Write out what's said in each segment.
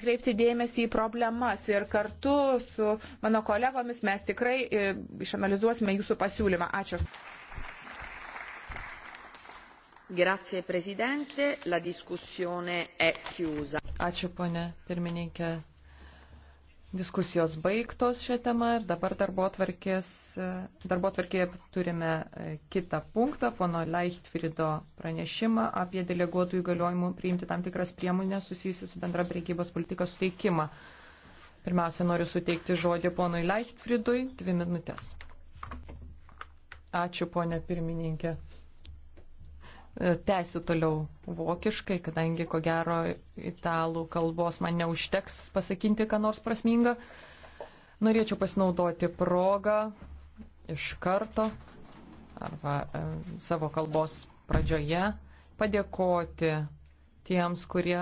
kreipti dėmesį į problemas ir kartu su mano kolegomis mes tikrai e, išanalizuosime jūsų pasiūlymą. Ačiū. Grazie Presidente, la discussione è chiusa. Ačiū ponė pirmininkė, Diskusijos baigtos šią temą ir dabar darbo e, atvarkėje turime e, kitą punktą, pono Leichtfrido pranešimą apie deleguotų įgaliojimų priimti tam tikras priemonės susijusius su bendra priekybos politika suteikimą. Pirmiausia, noriu suteikti žodį ponui Leichtfridui dvi minutės. Ačiū, ponė pirmininkė tęsiu toliau vokiškai, kadangi ko gero italų kalbos man neužteks pasakinti, ką nors prasminga. Norėčiau pasinaudoti progą iš karto arba e, savo kalbos pradžioje padėkoti tiems, kurie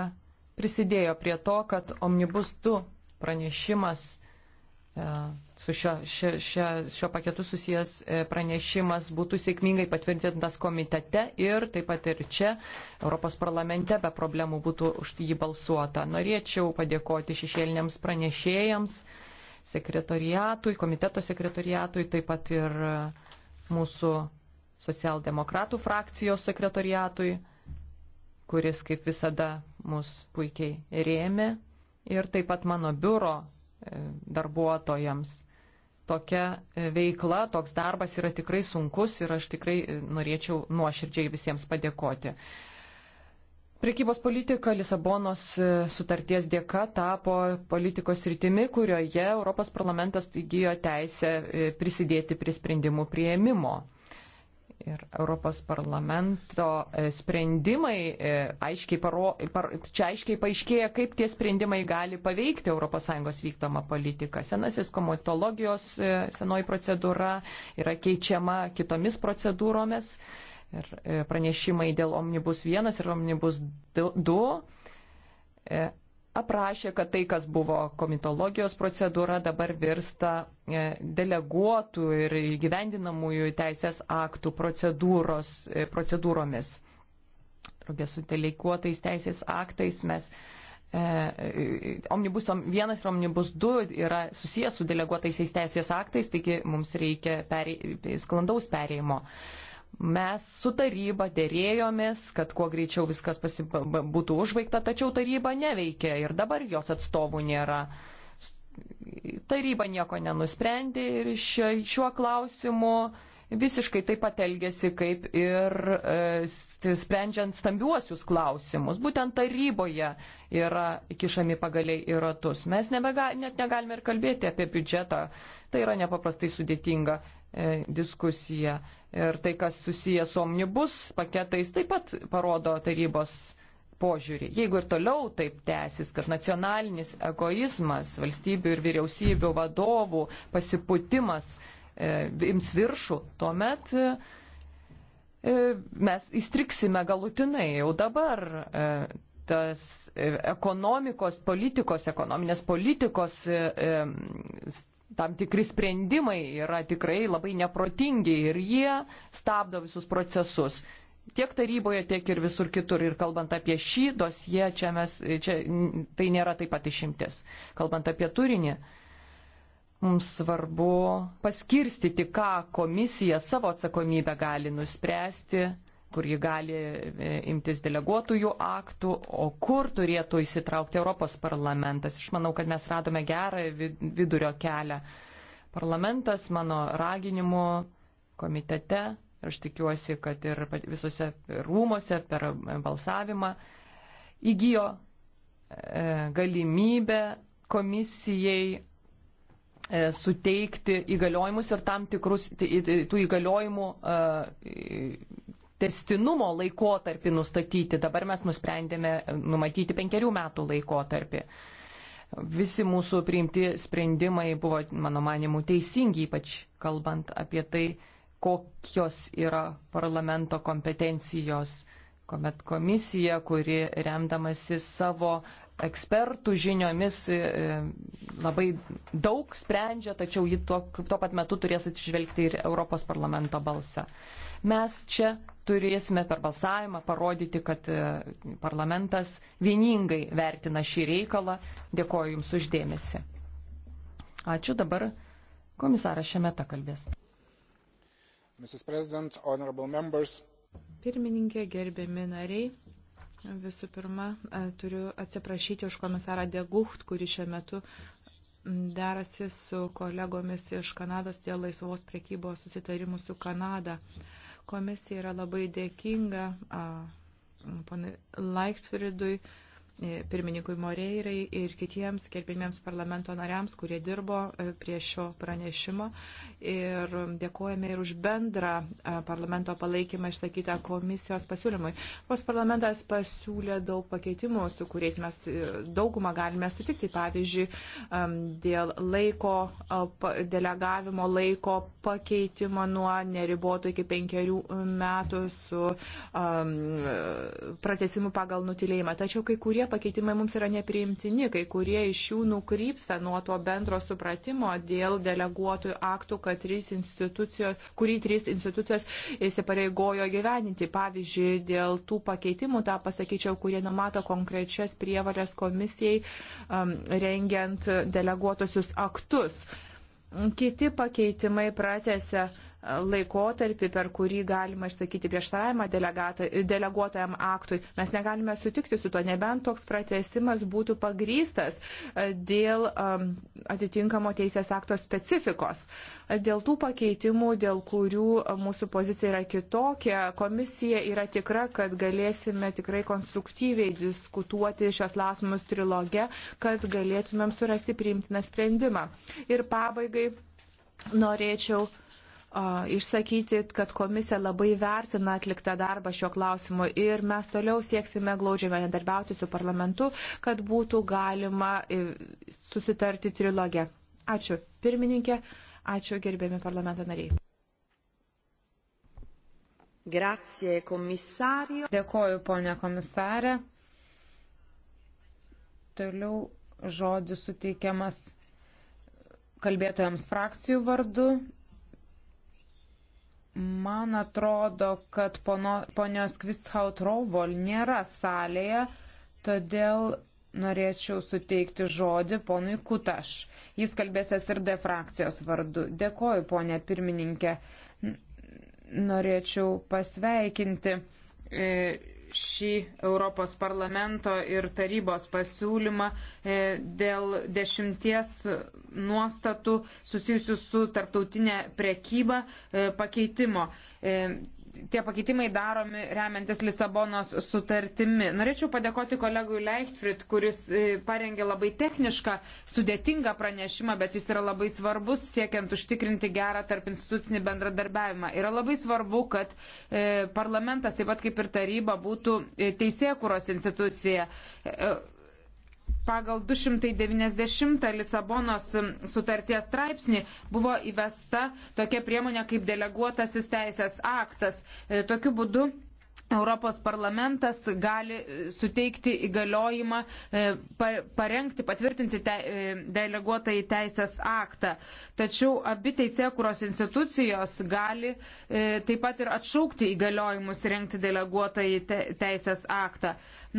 prisidėjo prie to, kad Omnibus 2 pranešimas E, su šio, šio, šio, šio paketu susijęs e, pranešimas būtų sėkmingai patvirtintas komitete ir taip pat ir čia Europos parlamente be problemų būtų už jį balsuota. Norėčiau padėkoti šešėliniams pranešėjams, sekretoriatui, komiteto sekretoriatui, taip pat ir e, mūsų socialdemokratų frakcijos sekretoriatui, kuris kaip visada mus puikiai rėmė ir taip pat mano biuro darbuotojams. Tokia e, veikla, toks darbas yra tikrai sunkus ir aš tikrai e, norėčiau nuoširdžiai visiems padėkoti. Prekybos politika Lisabonos e, sutarties dėka tapo politikos rytimi, kurioje Europos parlamentas įgyjo teisę prisidėti prie sprendimų prieimimo. Ir Europos parlamento e, sprendimai, e, aiškiai paro, par, čia aiškiai paaiškėja, kaip tie sprendimai gali paveikti ES vykdomą politiką. Senasis komitologijos e, senoji procedūra yra keičiama kitomis procedūromis. Ir pranešimai dėl Omnibus 1 ir Omnibus 2 aprašė, kad tai, kas buvo komitologijos procedūra, dabar virsta e, deleguotų ir gyvendinamųjų teisės aktų e, procedūromis. Draugės su deleguotais teisės aktais mes e, Omnibus 1 ir Omnibus 2 yra susijęs su deleguotaisiais teisės aktais, taigi mums reikia perė, sklandaus perėjimo. Mes su taryba dėrėjomės, kad kuo greičiau viskas pasipa, būtų užbaigta, tačiau taryba neveikia ir dabar jos atstovų nėra. Taryba nieko nenusprendė ir šio, šiuo klausimu visiškai taip pat elgesi, kaip ir e, sprendžiant stambiuosius klausimus. Būtent taryboje yra kišami pagaliai į ratus. Mes nebega, net negalime ir kalbėti apie biudžetą. Tai yra nepaprastai sudėtinga. E, diskusija. Ir tai, kas susijęs su omnibus paketais, taip pat parodo tarybos požiūrį. Jeigu ir toliau taip tęsis, kad nacionalinis egoizmas valstybių ir vyriausybių vadovų pasiputimas e, ims viršų, tuomet e, mes įstriksime galutinai jau dabar. E, tas e, ekonomikos, politikos, ekonominės politikos e, e tam tikri sprendimai yra tikrai labai neprotingi ir jie stabdo visus procesus. Tiek taryboje, tiek ir visur kitur. Ir kalbant apie šį dosiją, čia mes, čia, tai nėra taip pat išimtis. Kalbant apie turinį, mums svarbu paskirstyti, ką komisija savo atsakomybę gali nuspręsti kur ji gali e, imtis deleguotųjų aktų, o kur turėtų įsitraukti Europos parlamentas. Aš manau, kad mes radome gerą vidurio kelią. Parlamentas mano raginimu komitete, aš tikiuosi, kad ir visose rūmose per e, balsavimą įgyjo e, galimybę komisijai suteikti įgaliojimus ir tam tikrus tų įgaliojimų testinumo laikotarpį nustatyti. Dabar mes nusprendėme e, numatyti penkerių metų laikotarpį. Visi mūsų priimti sprendimai buvo, mano manimu, teisingi, ypač kalbant apie tai, kokios yra parlamento kompetencijos, kuomet komisija, kuri remdamasi savo ekspertų žiniomis e, labai daug sprendžia, tačiau ji tuo, tuo pat metu turės atsižvelgti ir Europos parlamento balsą. Mes čia turėsime per balsavimą parodyti, kad e, parlamentas vieningai vertina šį reikalą. Dėkoju Jums uždėmesi. Ačiū dabar komisaras šiame ta kalbės. Pirmininkė, gerbėmi nariai, visų pirma, e, turiu atsiprašyti už komisarą Degucht, kuris šiuo metu derasi su kolegomis iš Kanados dėl laisvos prekybos susitarimų su Kanada. Komisija yra labai dėkinga ponui Laiktfridui. Uh, E, pirmininkui Moreirai ir kitiems gerbėmiems parlamento nariams, kurie dirbo e, prie šio pranešimo. Ir dėkojame ir už bendrą e, parlamento palaikymą išsakytą komisijos pasiūlymui. Vos parlamentas pasiūlė daug pakeitimų, su kuriais mes daugumą galime sutikti. Pavyzdžiui, dėl laiko, delegavimo laiko pakeitimo nuo neriboto iki penkerių metų su um, pratesimu pagal nutilėjimą. Tačiau kai kurie pakeitimai mums yra nepriimtini, kai kurie iš jų nukrypsta nuo to bendro supratimo dėl deleguotojų aktų, kad trys institucijos, kurį trys institucijos įsipareigojo gyveninti. Pavyzdžiui, dėl tų pakeitimų, tą pasakyčiau, kurie numato konkrečias prievalės komisijai um, rengiant deleguotosius aktus. Kiti pakeitimai pratėse laikotarpį, per kurį galima išsakyti prieštaravimą deleguotajam aktui. Mes negalime sutikti su to, nebent toks pratesimas būtų pagrystas e, dėl atitinkamo teisės akto specifikos. E, dėl tų pakeitimų, dėl kurių e, mūsų pozicija yra kitokia, komisija yra tikra, kad galėsime tikrai konstruktyviai diskutuoti šios klausimus triloge, kad galėtumėm surasti priimtiną sprendimą. Ir pabaigai norėčiau išsakyti, kad komisija labai vertina atliktą darbą šiuo klausimu ir mes toliau sieksime glaudžiai bendarbiauti su parlamentu, kad būtų galima e, susitarti trilogę. Ačiū pirmininkė, ačiū gerbėmi parlamento nariai. Grazie, komisario. Dėkoju, ponė komisarė. Toliau žodis suteikiamas kalbėtojams frakcijų vardu Man atrodo, kad pono, ponios Kvisthaut Rovol nėra salėje, todėl norėčiau suteikti žodį ponui Kutaš. Jis kalbės SRD frakcijos vardu. Dėkoju, ponė pirmininkė. Norėčiau pasveikinti e, šį Europos parlamento ir tarybos pasiūlymą e, dėl dešimties nuostatų susijusių su tarptautinė prekyba e, pakeitimo. E, tie pakeitimai daromi remiantis Lisabonos sutartimi. Norėčiau padėkoti kolegui Leichtfried, kuris e, parengė labai technišką, sudėtingą pranešimą, bet jis yra labai svarbus siekiant užtikrinti gerą tarp institucinį bendradarbiavimą. Yra labai svarbu, kad e, parlamentas, taip pat kaip ir taryba, būtų e, teisėkuros institucija pagal 290 Lisabonos sutarties straipsnį buvo įvesta tokia priemonė kaip deleguotasis teisės aktas. E, tokiu būdu Europos parlamentas gali e, suteikti įgaliojimą e, parengti, patvirtinti te, e, deleguotą į teisės aktą. Tačiau abi teisėkuros institucijos gali taip pat ir atšaukti įgaliojimus rengti deleguotą į te, teisės aktą.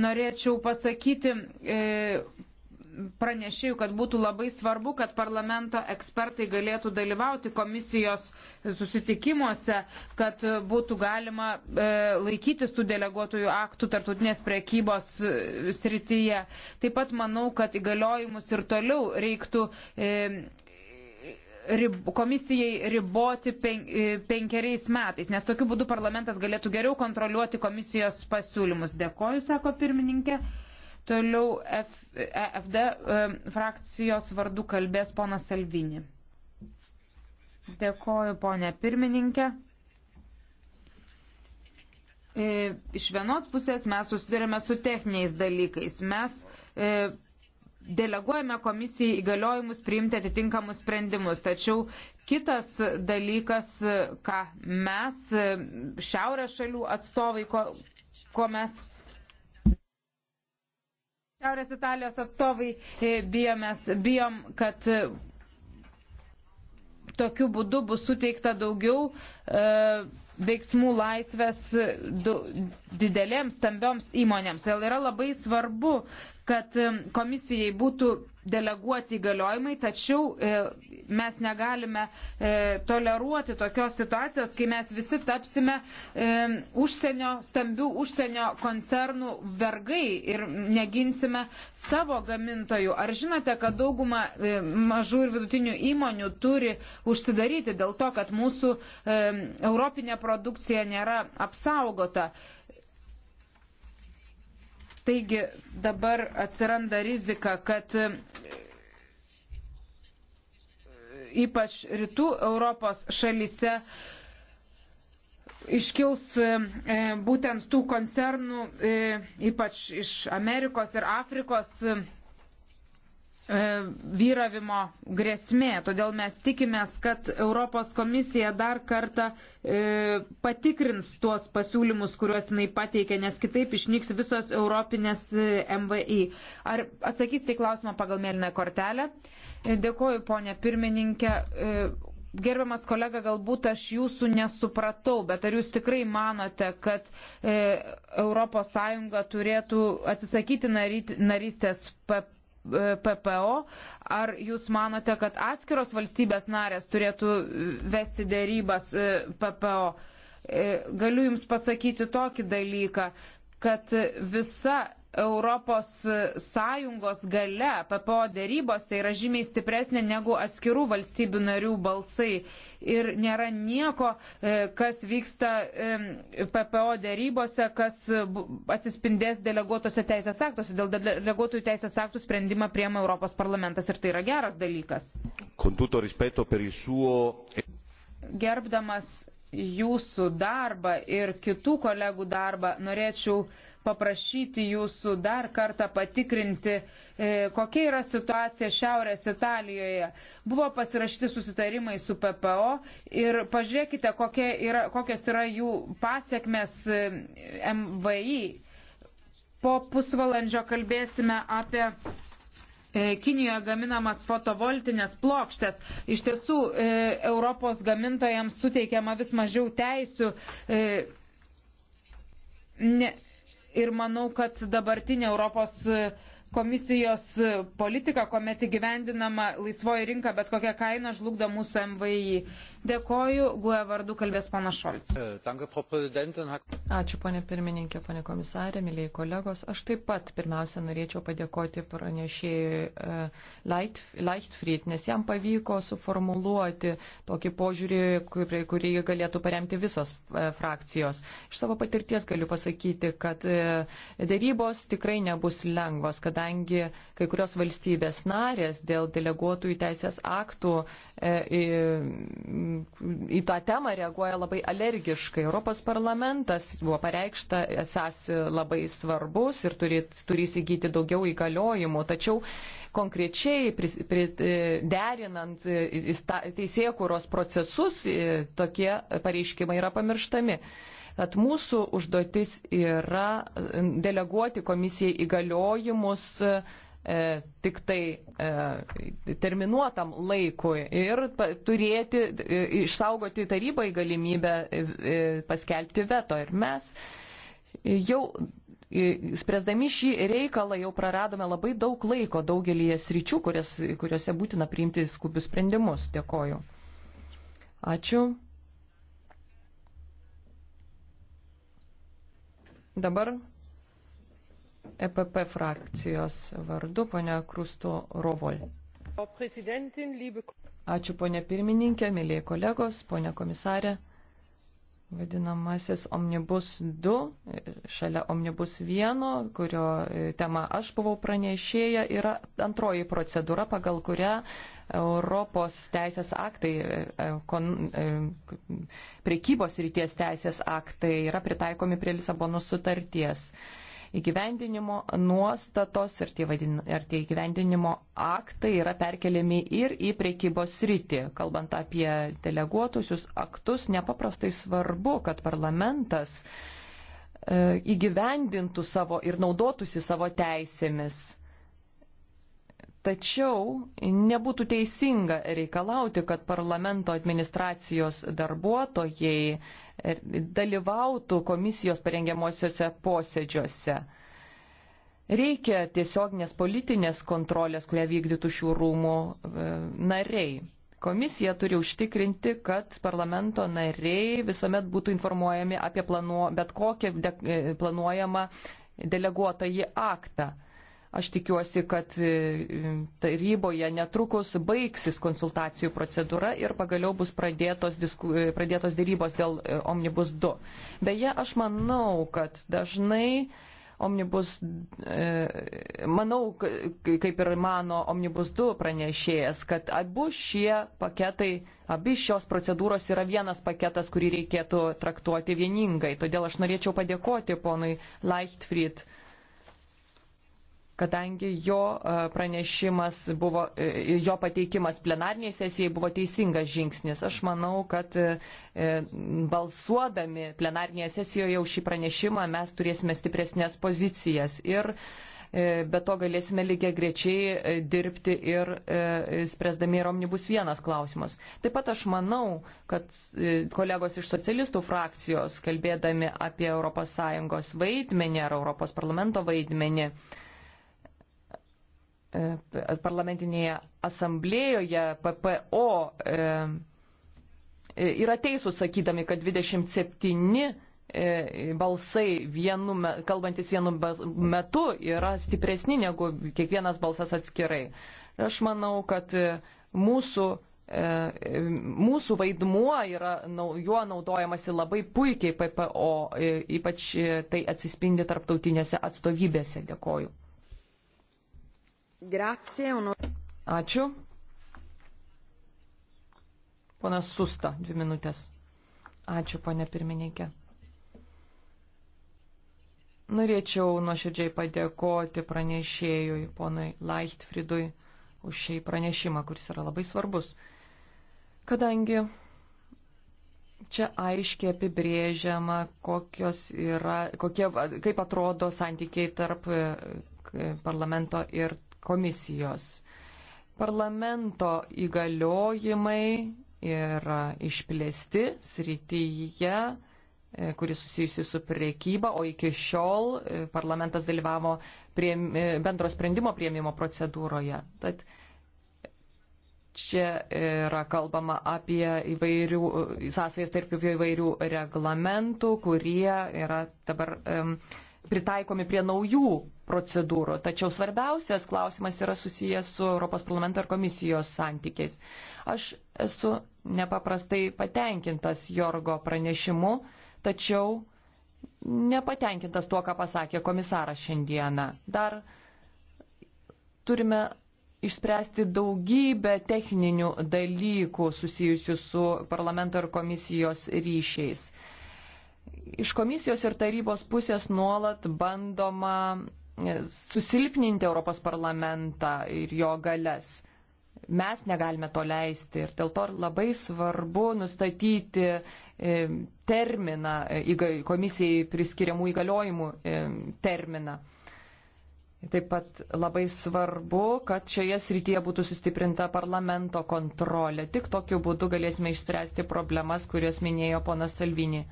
Norėčiau pasakyti pranešėjų, kad būtų labai svarbu, kad parlamento ekspertai galėtų dalyvauti komisijos susitikimuose, kad būtų galima e, laikytis tų deleguotojų aktų tarptautinės priekybos e, srityje. Taip pat manau, kad įgaliojimus ir toliau reiktų e, rib, komisijai riboti pen, e, penkeriais metais, nes tokiu būdu parlamentas galėtų geriau kontroliuoti komisijos pasiūlymus. Dėkoju, sako pirmininkė. Toliau EFD e, frakcijos vardu kalbės ponas Salvini. Dėkoju, ponė pirmininkė. E, iš vienos pusės mes susidurėme su techniniais dalykais. Mes e, deleguojame komisijai įgaliojimus priimti atitinkamus sprendimus. Tačiau kitas dalykas, ką mes, šiaurės šalių atstovai, ko, ko mes Šiaurės Italijos atstovai e, bijomės, bijom, kad e, tokiu būdu bus suteikta daugiau e, veiksmų laisvės e, du, didelėms, stambioms įmonėms. Todėl yra labai svarbu, kad komisijai būtų deleguoti įgaliojimai, tačiau e, Mes negalime e, toleruoti tokios situacijos, kai mes visi tapsime e, užsienio, stambių užsienio koncernų vergai ir neginsime savo gamintojų. Ar žinote, kad dauguma e, mažų ir vidutinių įmonių turi užsidaryti dėl to, kad mūsų e, europinė produkcija nėra apsaugota? Taigi dabar atsiranda rizika, kad ypač rytų Europos šalyse, iškils e, e, būtent tų koncernų, e, ypač iš Amerikos ir Afrikos E, vyravimo grėsmė. Todėl mes tikimės, kad Europos komisija dar kartą e, patikrins tuos pasiūlymus, kuriuos jinai pateikė, nes kitaip išnyks visos europinės e, MVI. Ar atsakysite tai į klausimą pagal mėlyną kortelę? E, dėkoju, ponė pirmininkė. E, Gerbiamas kolega, galbūt aš jūsų nesupratau, bet ar jūs tikrai manote, kad e, ES turėtų atsisakyti narystės PP? E, PPO, ar jūs manote, kad atskiros valstybės narės turėtų vesti dėrybas e, PPO? E, galiu Jums pasakyti tokį dalyką, kad visa Europos Sąjungos gale PPO dėrybose yra žymiai stipresnė negu atskirų valstybių narių balsai. Ir nėra nieko, e, kas vyksta e, PPO dėrybose, kas atsispindės deleguotose teisės aktuose. Dėl deleguotųjų teisės aktų sprendimą priema Europos parlamentas ir tai yra geras dalykas. Gerbdamas jūsų darbą ir kitų kolegų darbą, norėčiau paprašyti jūsų dar kartą patikrinti, e, kokia yra situacija Šiaurės Italijoje. Buvo pasirašyti susitarimai su PPO ir pažiūrėkite, kokie yra, kokios yra jų pasiekmes e, MVI. Po pusvalandžio kalbėsime apie e, Kinijoje gaminamas fotovoltinės plokštės. Iš tiesų, Europos gamintojams suteikiama vis mažiau teisių. Ne, ir manau, kad dabartinė Europos komisijos politika, kuomet įgyvendinama laisvoji rinka bet kokia kaina žlugdo mūsų MVI. Dėkoju, guoja e vardu kalbės pana Šolc. E, Ačiū, ponė pirmininkė, ponė komisarė, mėlyje kolegos. Aš taip pat pirmiausia norėčiau padėkoti pranešėjui e, Leicht, Leichtfried, nes jam pavyko suformuluoti tokį požiūrį, kurį, kurį galėtų paremti visos frakcijos. Iš savo patirties galiu pasakyti, kad dėrybos tikrai nebus lengvos, kadangi kai kurios valstybės narės dėl deleguotųjų teisės aktų e, e, į tą temą reaguoja labai alergiškai. Europos parlamentas buvo pareikšta esas labai svarbus ir turi, turi įsigyti daugiau įgaliojimų, tačiau konkrečiai pris, pris, e, derinant e, teisėkūros procesus e, tokie pareiškimai yra pamirštami kad mūsų užduotis yra deleguoti komisijai įgaliojimus e, tik tai e, terminuotam laikui ir pa, turėti, e, išsaugoti tarybai galimybę e, e, paskelbti veto. Ir mes jau e, spręsdami šį reikalą jau praradome labai daug laiko daugelį sričių, kurias, kuriuose būtina priimti skubius sprendimus. Dėkoju. Ačiū. Dabar EPP frakcijos vardu, ponia Krusto Rovol. Ačiū, ponia pirmininkė, mėlyje kolegos, ponia komisarė. Vadinamasis Omnibus 2, šalia Omnibus 1, kurio e, tema aš buvau pranešėję, yra antroji procedūra, pagal kurią Europos teisės aktai, e, e, kon, prekybos ryties teisės aktai yra pritaikomi prie Lisabonos sutarties įgyvendinimo nuostatos ir tie, vadin, ir tie įgyvendinimo aktai yra perkeliami ir į priekybos rytį. Kalbant apie deleguotusius aktus, nepaprastai svarbu, kad parlamentas e, įgyvendintų savo ir naudotųsi savo teisėmis Tačiau nebūtų teisinga reikalauti, kad parlamento administracijos darbuotojai er, dalyvautų komisijos parengiamuosiuose posėdžiuose. Reikia tiesioginės politinės kontrolės, kurią vykdytų šių rūmų e, nariai. Komisija turi užtikrinti, kad parlamento nariai visuomet būtų informuojami apie planuo, bet kokią de, e, planuojamą deleguotąjį aktą. Aš tikiuosi, kad e, taryboje netrukus baigsis konsultacijų procedūra ir pagaliau bus pradėtos, disku, e, pradėtos dėrybos dėl e, Omnibus 2. Beje, aš manau, kad dažnai Omnibus, manau, kaip ir mano Omnibus 2 pranešėjas, kad abu šie paketai, abi šios procedūros yra vienas paketas, kurį reikėtų traktuoti vieningai. Todėl aš norėčiau padėkoti ponui Leichtfried kadangi jo e, pranešimas buvo, e, jo pateikimas plenarniai sesijai buvo teisingas žingsnis. Aš manau, kad e, balsuodami plenarnėje sesijoje už šį pranešimą mes turėsime stipresnės pozicijas ir be to galėsime lygiai grečiai dirbti ir spręsdami ir omnibus vienas klausimas. Taip pat aš manau, kad kolegos iš socialistų frakcijos, kalbėdami apie ES vaidmenį ar ES parlamento vaidmenį, E, parlamentinėje asamblėjoje PPO e, e, yra teisūs sakydami, kad 27 balsai vienu, kalbantis vienu metu yra stipresni negu kiekvienas balsas atskirai. Aš manau, kad mūsų, mūsų vaidmuo yra, juo naudojamasi labai puikiai PPO, ypač tai atsispindi tarptautinėse atstovybėse. Dėkoju. Grazie, ono... Ačiū. Ponas Susta, dvi minutės. Ačiū, ponė pirmininkė. Norėčiau nuoširdžiai padėkoti pranešėjui, ponui Leichtfriedui, už šį pranešimą, kuris yra labai svarbus. Kadangi čia aiškiai apibrėžiama, yra, kokie, kaip atrodo santykiai tarp e, parlamento ir komisijos. Parlamento įgaliojimai yra išplėsti srityje e, kuris susijusi su priekyba, o iki šiol e, parlamentas dalyvavo prie, e, bendro sprendimo prieimimo procedūroje. Tad čia yra kalbama apie įvairių, sąsajas tarp įvairių reglamentų, kurie yra dabar um, pritaikomi prie naujų procedūrų. Tačiau svarbiausias klausimas yra susijęs su Europos parlamento ir komisijos santykiais. Aš esu nepaprastai patenkintas Jorgo pranešimu, tačiau nepatenkintas tuo, ką pasakė komisaras šiandieną. Dar turime išspręsti daugybę techninių dalykų susijusių su parlamento ir komisijos ryšiais iš komisijos ir tarybos pusės nuolat bandoma e, susilpninti Europos parlamentą ir jo galias. Mes negalime to leisti ir dėl to labai svarbu nustatyti e, terminą, e, komisijai priskiriamų įgaliojimų terminą. Taip pat labai svarbu, kad šioje srityje būtų sustiprinta parlamento kontrolė. Tik tokiu būdu galėsime išspręsti problemas, kurias minėjo ponas Salvini.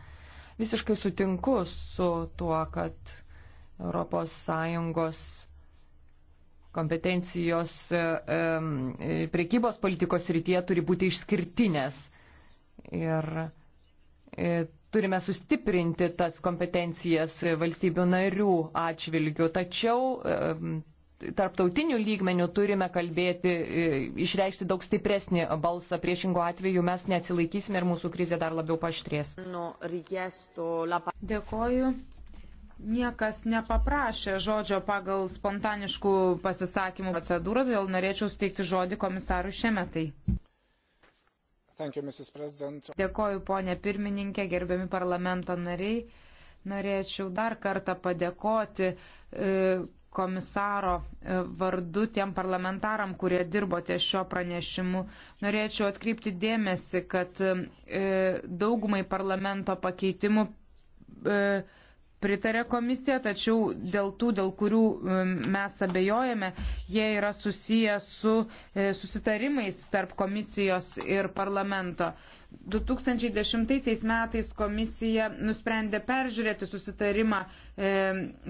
Visiškai sutinku su tuo, kad ES kompetencijos priekybos politikos rytyje turi būti išskirtinės. Ir e, turime sustiprinti tas kompetencijas valstybių narių atžvilgių. Tačiau tarptautinių lygmenių turime kalbėti, e, išreikšti daug stipresnį balsą, priešingų atveju mes neatsilaikysime ir mūsų krizė dar labiau paštrės. Nu, Dėkoju. Niekas nepaprašė žodžio pagal spontaniškų pasisakymų procedūrą, todėl norėčiau steikti žodį komisarui šiemetai. Dėkoju, ponė pirmininkė, gerbiami parlamento nariai norėčiau dar kartą padėkoti e, komisaro e, vardu tiem parlamentaram, kurie dirbo ties šio pranešimu. Norėčiau atkreipti dėmesį, kad e, daugumai parlamento pakeitimų e, pritarė komisija, tačiau dėl tų, dėl kurių mes abejojame, jie yra susiję su e, susitarimais tarp komisijos ir parlamento. 2010 metais komisija nusprendė peržiūrėti susitarimą, e,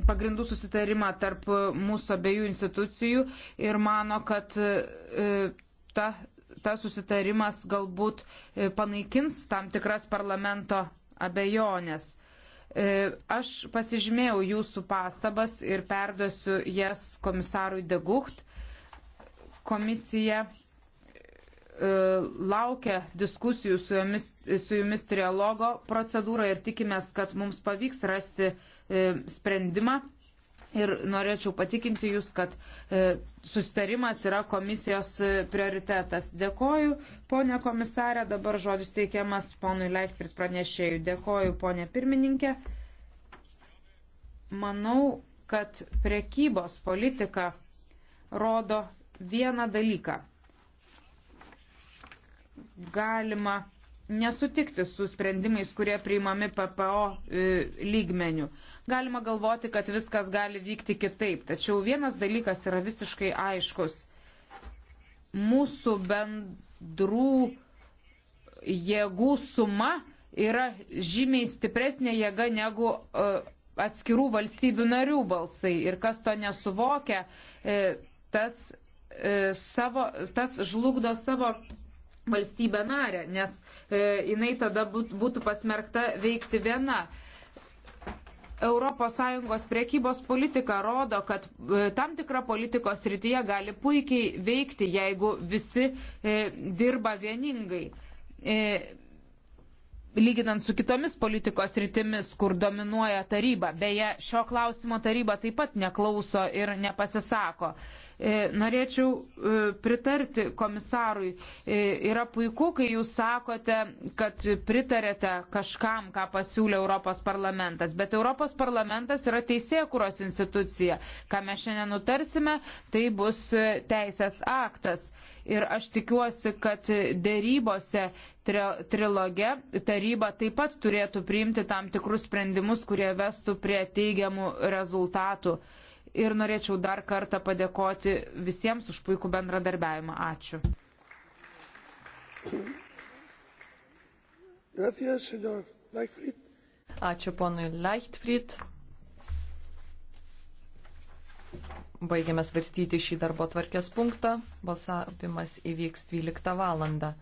pagrindų susitarimą tarp mūsų abiejų institucijų ir mano, kad e, ta, ta susitarimas galbūt panaikins tam tikras parlamento abejonės. E, aš pasižymėjau jūsų pastabas ir perduosiu jas komisarui Degucht. Komisija e, laukia diskusijų su jumis, su jumis trialogo procedūrą ir tikimės, kad mums pavyks rasti e, sprendimą Ir norėčiau patikinti Jūs, kad e, sustarimas yra komisijos e, prioritetas. Dėkoju, ponė komisarė, dabar žodis teikiamas ponui Leichtfried pranešėjui. Dėkoju, ponė pirmininkė. Manau, kad prekybos politika rodo vieną dalyką. Galima nesutikti su sprendimais, kurie priimami PPO e, lygmenių. Galima galvoti, kad viskas gali vykti kitaip, tačiau vienas dalykas yra visiškai aiškus. Mūsų bendrų jėgų suma yra žymiai stipresnė jėga negu e, atskirų valstybių narių balsai. Ir kas to nesuvokia, e, tas, savo, tas žlugdo savo valstybę narę, nes e, jinai tada būtų pasmerkta veikti viena. ES priekybos politika rodo, kad e, tam tikra politikos rytyje gali puikiai veikti, jeigu visi e, dirba vieningai. E, lyginant su kitomis politikos rytimis, kur dominuoja taryba. Beje, šio klausimo taryba taip pat neklauso ir nepasisako. E, E, norėčiau e, pritarti komisarui. E, yra puiku, kai jūs sakote, kad pritarėte kažkam, ką pasiūlė Europos parlamentas. Bet Europos parlamentas yra teisėkuros institucija. Ką mes šiandien nutarsime, tai bus teisės aktas ir aš tikiuosi, kad dėrybose tri triloge taryba taip pat turėtų priimti tam tikrus sprendimus, kurie vestų prie teigiamų rezultatų ir norėčiau dar kartą padėkoti visiems už puikų bendradarbiavimą. Ačiū. Ačiū ponui Leichtfried. Baigiame svarstyti šį darbo tvarkės punktą. Balsavimas įvyks 12 valandą.